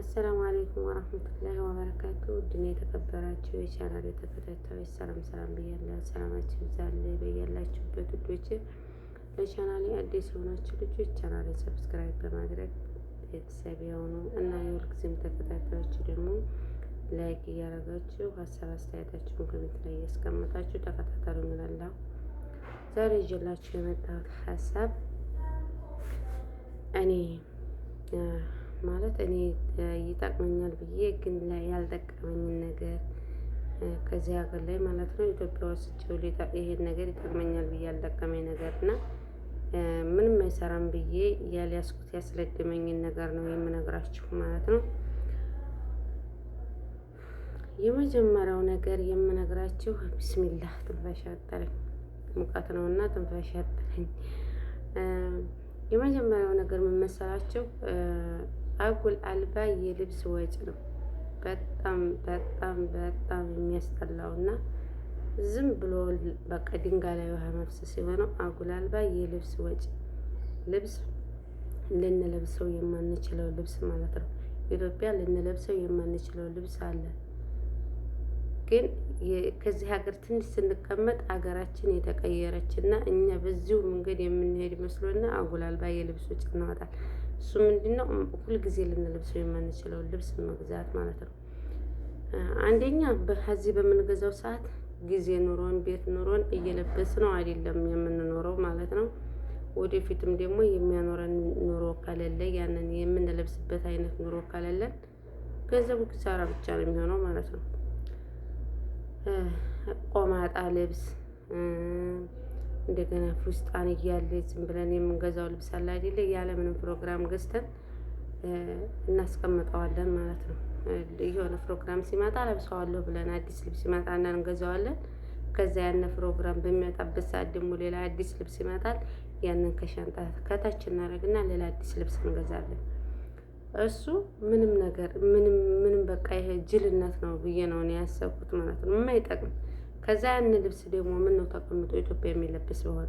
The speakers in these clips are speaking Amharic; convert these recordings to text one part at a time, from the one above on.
አሰላሙ አሌይኩም ወረህመቱላሂ ወበረካቱ። ውድና የተከበራችሁ የቻናል የተከታታዮች ሰላም ሰላም ብያለሁ። ሰላማችሁ ይብዛል በያላችሁበት ውዶች። ለቻናሌ አዲስ የሆናችሁ ልጆች ቻናሌ ሰብስክራይብ በማድረግ ቤተሰብ የሆኑ እና የሁልጊዜም ተከታታዮች ደግሞ ላይክ እያደረጋችሁ ሀሳብ አስተያየታችሁን ኮሜንት ላይ እያስቀመጣችሁ ተከታተሉ እንላለሁ። ዛሬ ይዤላችሁ የመጣሁት ሀሳብ እኔ ማለት እኔ ይጠቅመኛል ብዬ ግን ያልጠቀመኝን ነገር ከዚህ ሀገር ላይ ማለት ነው ኢትዮጵያ ውስጥ ይሄን ነገር ይጠቅመኛል ብዬ ያልጠቀመኝ ነገር እና ምንም አይሰራም ብዬ ያልያዝኩት ያስለደመኝን ነገር ነው የምነግራችሁ ማለት ነው። የመጀመሪያው ነገር የምነግራችሁ ቢስሚላህ ትንፋሽ አጠረኝ፣ ሙቀት ነው እና ትንፋሽ አጠረኝ። የመጀመሪያው ነገር ምን አጉል አልባ የልብስ ወጪ ነው። በጣም በጣም በጣም የሚያስጠላውና ዝም ብሎ በቃ ድንጋይ ላይ ውሃ መፍሰስ የሆነው አጉል አልባ የልብስ ወጪ ልብስ ልንለብሰው የማንችለው ልብስ ማለት ነው። ኢትዮጵያ ልንለብሰው የማንችለው ልብስ አለ። ግን ከዚህ ሀገር ትንሽ ስንቀመጥ ሀገራችን የተቀየረች እና እኛ በዚሁ መንገድ የምንሄድ ይመስሎና አጉል አልባ የልብስ ወጪ እናወጣል። እሱ ምንድን ነው ሁልጊዜ ልንለብሰው የማንችለው ልብስ መግዛት ማለት ነው። አንደኛ በዚህ በምንገዛው ሰዓት ጊዜ ኑሮን ቤት ኑሮን እየለበስ ነው አይደለም የምንኖረው ማለት ነው። ወደፊትም ደግሞ የሚያኖረን ኑሮ ከሌለ ያንን የምንለብስበት አይነት ኑሮ ከሌለን ገንዘቡ ኪሳራ ብቻ ነው የሚሆነው ማለት ነው። ቆማጣ ልብስ እንደገና ፍስጣን እያለ ዝም ብለን የምንገዛው ልብስ አለ አይደለ? ያለምንም ፕሮግራም ገዝተን እናስቀምጠዋለን ማለት ነው። የሆነ ፕሮግራም ሲመጣ ለብሰዋለሁ ብለን አዲስ ልብስ ይመጣና እንገዛዋለን። ከዛ ያነ ፕሮግራም በሚመጣበት ሰዓት ደግሞ ሌላ አዲስ ልብስ ይመጣል። ያንን ከሻንጣ ከታች እናደርግና ሌላ አዲስ ልብስ እንገዛለን። እሱ ምንም ነገር ምንም ምንም በቃ ይሄ ጅልነት ነው ብዬ ነው ያሰብኩት ማለት ነው የማይጠቅም ከዛ ያን ልብስ ደግሞ ምን ነው ተቀምጦ ኢትዮጵያ የሚለብስ ቢሆን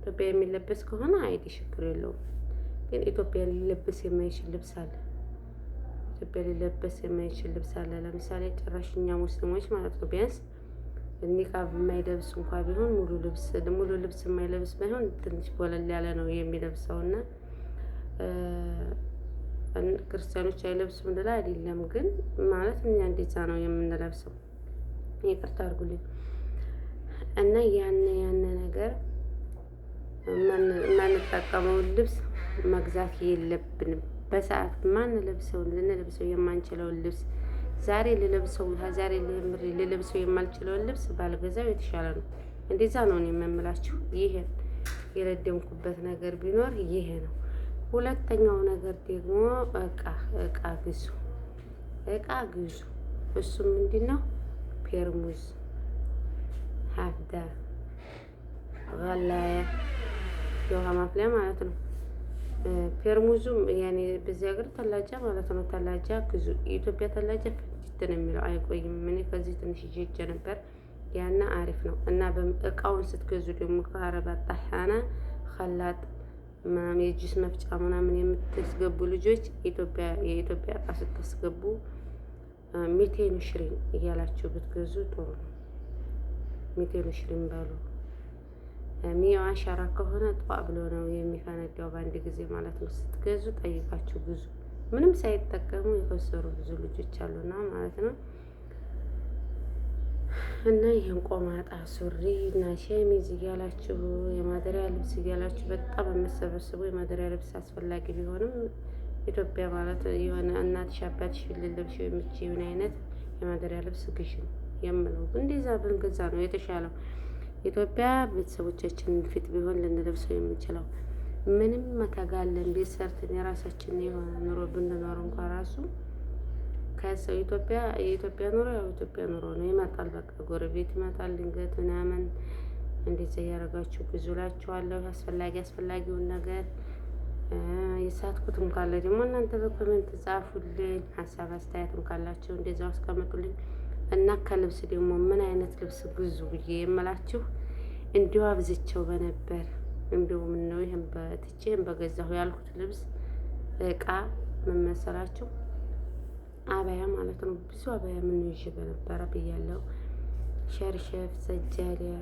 ኢትዮጵያ የሚለብስ ከሆነ አይዲ ችግር የለውም። ግን ኢትዮጵያ ሊለብስ የማይችል ልብስ አለ። ኢትዮጵያ ሊለብስ የማይችል ልብስ አለ። ለምሳሌ ጭራሽ እኛ ሙስሊሞች ማለት ነው ቢያንስ ኒቃብ የማይለብስ እንኳ ቢሆን ሙሉ ልብስ ሙሉ ልብስ የማይለብስ ባይሆን ትንሽ ወለል ያለ ነው የሚለብሰው እና ክርስቲያኖች አይለብሱም ልል አይደለም፣ ግን ማለት እኛ እንደዛ ነው የምንለብሰው። ይቅርታ አድርጉልኝ። እና ያን ያን ነገር የማንጠቀመውን ልብስ መግዛት የለብንም። በሰዓት ማን ልብሰው ልንለብሰው የማንችለውን ልብስ ዛሬ ልለብሰው ዛሬ ልምሪ ልለብሰው የማልችለውን ልብስ ባልገዛው የተሻለ ነው። እንደዛ ነው እኔ የምምላችሁ። ይሄ የረደምኩበት ነገር ቢኖር ይሄ ነው። ሁለተኛው ነገር ደግሞ እቃ እቃ ግዙ፣ እቃ ግዙ። እሱም ምንድን ነው? ፔርሙዝ ሀፍደ ላያ የውሃ ማፍለያ ማለት ነው። ፔርሙዙም ያኔ በዚህ ሀገር ተላጃ ማለት ነው። ተላጃ ግዙ የኢትዮጵያ ተላጃ ፍጅት ነው የሚለው አይቆይም። እኔ ከዚህ ትንሽ ይዤ ነበር። ያና አሪፍ ነው እና እቃውን ስትገዙ ደግሞ ከአረባ ጣሓና ከላጥ ምናምን የጁስ መፍጫ ምናምን የምትስገቡ ልጆች የኢትዮጵያ እቃ ስታስገቡ ሚቴን ሽሪን እያላችሁ ብትገዙ ጥሩ ነው። ሚቴን ሽልም በሉ ሚያው አሻራ ከሆነ ጧ ብሎ ነው የሚፈነዳው በአንድ ጊዜ ማለት ነው። ስትገዙ ጠይቃችሁ ግዙ። ምንም ሳይጠቀሙ የከሰሩ ብዙ ልጆች አሉና ማለት ነው። እና ይህን ቆማጣ ሱሪ እና ሸሚዝ እያላችሁ የማደሪያ ልብስ እያላችሁ በጣም የምትሰበስቡ የማደሪያ ልብስ አስፈላጊ ቢሆንም ኢትዮጵያ ማለት የሆነ እናትሽ አባትሽ ልለብሽ የምችይውን አይነት የማደሪያ ልብስ ግዢ ነው። የምለው እንደዛ ብንገዛ ነው የተሻለው። ኢትዮጵያ ቤተሰቦቻችን ፊት ቢሆን ልንለብሰው የምችለው ምንም መተጋለን ቤት ሰርተን የራሳችን የሆነ ኑሮ ብንኖር እንኳን ራሱ ከሰው ኢትዮጵያ የኢትዮጵያ ኑሮ ያው ኢትዮጵያ ኑሮ ነው። ይመጣል፣ በቃ ጎረቤት ይመጣል ድንገት ምናምን እንደዚያ እያደረጋችሁ ብዙ ላችኋለሁ። አስፈላጊ አስፈላጊውን ነገር የሳትኩትም ካለ ደግሞ እናንተ በኮሜንት ጻፉልኝ። ሀሳብ አስተያየትም ካላቸው እንደዛው አስቀምጡልኝ። እና ከልብስ ደግሞ ምን አይነት ልብስ ግዙ ብዬ የምላችሁ እንዲሁ አብዝቸው በነበር እንዲሁ ነው። ይህን በትቼ በገዛሁ ያልኩት ልብስ እቃ ምን መሰላችሁ አበያ ማለት ነው። ብዙ አበያ ምን ይዤ በነበረ ብያለሁ። ሸርሸፍ፣ ሰጃሊያ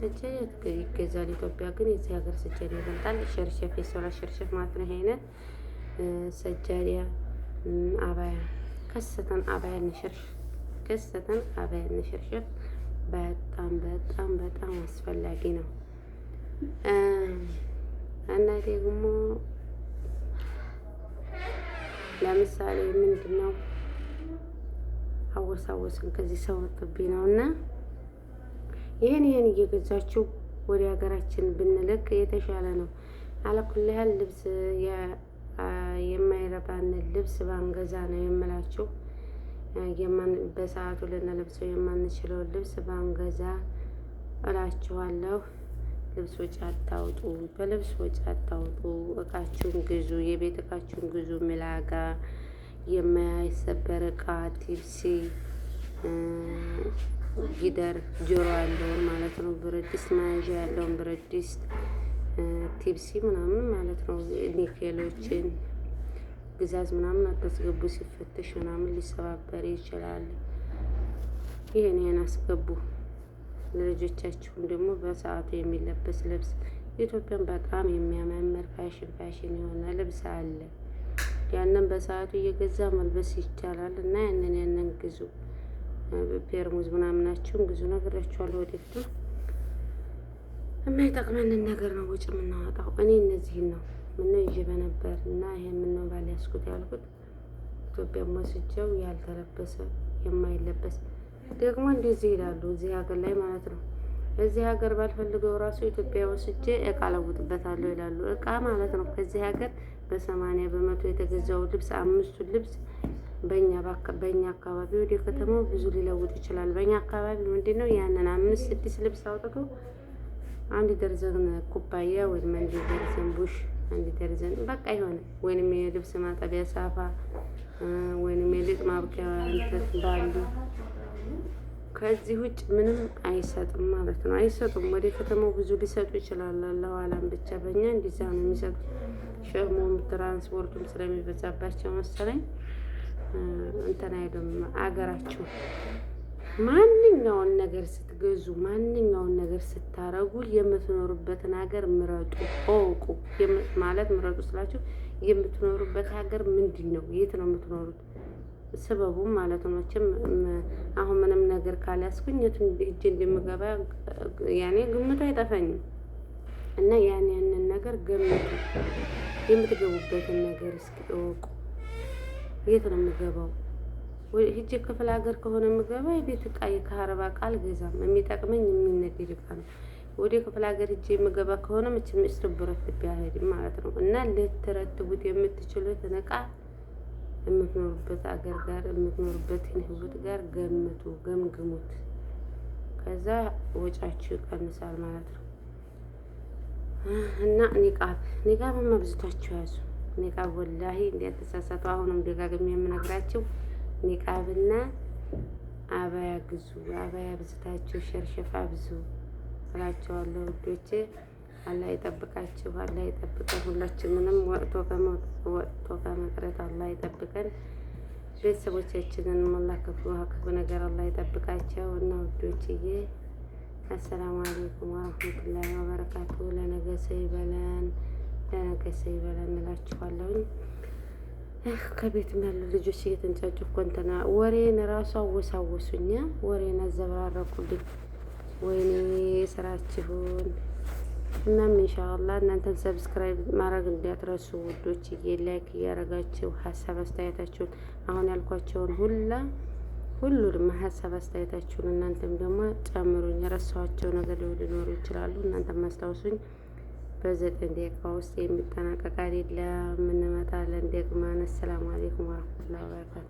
ሰጃሊያ ይገዛል ኢትዮጵያ፣ ግን የዚህ ሀገር ሰጃሊያ ይበልጣል። ሸርሸፍ የሰራ ሸርሸፍ ማለት ነው። ይሄንን ሰጃሊያ አበያ ከሰተን አበያ እንሸርሸፍ አያስደስትም። አበል ንሽርሽር በጣም በጣም በጣም አስፈላጊ ነው እና ደግሞ ለምሳሌ ምንድን ነው አወሳወስን ከዚህ ሰው ወጥቢ ነው እና ይህን ይህን እየገዛችሁ ወደ ሀገራችን ብንልክ የተሻለ ነው። አለኩል ያህል ልብስ የማይረባንን ልብስ ባንገዛ ነው የምላችሁ። በሰዓቱ ልንለብሰው የማንችለውን ልብስ ባንገዛ እላችኋለሁ። ልብስ ወጪ አታውጡ፣ በልብስ ወጪ አታውጡ። እቃችሁን ግዙ፣ የቤት እቃችሁን ግዙ። ሚላጋ የማይሰበር እቃ ቲፕሲ፣ ጊደር ጆሮ ያለውን ማለት ነው። ብረድስት መያዣ ያለውን ብረድስት ቲፕሲ ምናምን ማለት ነው። ኒኬሎችን ግዛዝ ምናምን አታስገቡ፣ ሲፈተሽ ምናምን ሊሰባበር ይችላል። ይህን ይህን አስገቡ። ለልጆቻችሁም ደግሞ በሰዓቱ የሚለበስ ልብስ ኢትዮጵያን በጣም የሚያማምር ፋሽን ፋሽን የሆነ ልብስ አለ። ያንን በሰዓቱ እየገዛ መልበስ ይቻላል እና ያንን ያንን ግዙ። ፔርሙዝ ምናምናችሁን ግዙ። ነገራችኋለሁ ወደፊቱ የማይጠቅመንን ነገር ነው ውጭ የምናወጣው። እኔ እነዚህን ነው ምነው ይዤ በነበር እና ይሄን ምነው ያስኩት ያልኩት ኢትዮጵያ ወስጀው ያልተለበሰ የማይለበስ ደግሞ እንደዚህ ይላሉ፣ እዚህ ሀገር ላይ ማለት ነው። እዚህ ሀገር ባልፈልገው ራሱ ኢትዮጵያ ወስጄ እቃ ለውጥበታለሁ ይላሉ። እቃ ማለት ነው ከዚህ ሀገር በሰማንያ በመቶ የተገዛው ልብስ አምስቱን ልብስ በእኛ በእኛ አካባቢ ወደ ከተማው ብዙ ሊለውጥ ይችላል። በእኛ አካባቢ ምንድን ነው ያንን አምስት ስድስት ልብስ አውጥቶ አንድ ደርዘን ኩባያ ወይም አንድ ደርዘን ቡሽ ዲተርጀንት በቃ የሆነ ወይንም የልብስ ማጠቢያ ሳፋ ወይንም የሊጥ ማብኪያ እንትን ባሉ ከዚህ ውጭ ምንም አይሰጥም ማለት ነው። አይሰጡም። ወደ ከተማው ብዙ ሊሰጡ ይችላል። ለኋላም ብቻ በእኛ እንዲዛ ነው የሚሰጡ። ሸሞም ትራንስፖርቱም ስለሚበዛባቸው መሰለኝ እንትን አይሉም አገራቸው ማንኛውን ነገር ስትገዙ፣ ማንኛውን ነገር ስታረጉ የምትኖሩበትን ሀገር ምረጡ፣ እወቁ። ማለት ምረጡ ስላችሁ የምትኖሩበት ሀገር ምንድን ነው? የት ነው የምትኖሩት? ስበቡ ማለት ነው። መቼም አሁን ምንም ነገር ካልያዝኩኝ የት እጅ እንደምገባ ያኔ ግምቱ አይጠፋኝም እና ያን ያንን ነገር ገምቱ። የምትገቡበትን ነገር እስኪ እወቁ። የት ነው የምገባው ሂጄ ክፍለ ሀገር ከሆነ የምገባ የቤት እቃ የካረባ እቃ አልገዛም። የሚጠቅመኝ የሚነገድ እቃ ነው። ወደ ክፍለ ሀገር ሂጄ የምገባ ከሆነ መቼም ምስር ብረት ቢያሄድ ማለት ነው። እና ልትረትቡት የምትችሉትን እቃ የምትኖሩበት አገር ጋር የምትኖሩበት ህይወት ጋር ገምቱ፣ ገምግሙት። ከዛ ወጫችሁ ይቀንሳል ማለት ነው። እና ኒቃብ ኒቃብ አብዝታችሁ ያዙ። ኒቃብ ወላሂ እንዲያተሳሳቱ አሁንም ደጋግሜ የምነግራችሁ ኒቃብና አባያ ግዙ። አበያ ብዝታችሁ ሸርሸፍ አብዙ እላቸዋለሁ ውዶቼ። አላህ ይጠብቃችሁ፣ አላህ ይጠብቀን። ሁላችንንም ወጥቶ ወጥቶ ከመቅረት አላህ ይጠብቀን። ቤተሰቦቻችንን ሞላ ክፉ ነገር አላህ ይጠብቃቸው እና ውዶችዬ፣ አሰላሙ አለይኩም ወረህመቱላሂ ወበረካቱ። ለነገ ሰው ይበለን፣ ለነገ ሰው ይበለን እላችኋለሁኝ። ከቤትም ያሉ ልጆች እየተንጫጩ እኮ እንትና ወሬን ራሱ አወሳወሱኛ፣ ወሬን አዘበራረኩልኝ። ወይኔ ስራችሁን። እናም እንሻላ እናንተን ሰብስክራይብ ማድረግ እንዳትረሱ ውዶች፣ ላይክ እያደረጋችሁ ሀሳብ አስተያየታችሁን አሁን ያልኳቸውን ሁላ ሁሉንም ሀሳብ አስተያየታችሁን እናንተም ደግሞ ጨምሩኝ። የረሳኋቸው ነገር ሊኖሩ ይችላሉ። እናንተም አስታውሱኝ። በዘጠኝ ደቂቃ ውስጥ የሚጠናቀቅ አይደለም። እንመጣለን ደግመን። አሰላሙ አለይኩም ወረህመቱላሂ ወበረካቱ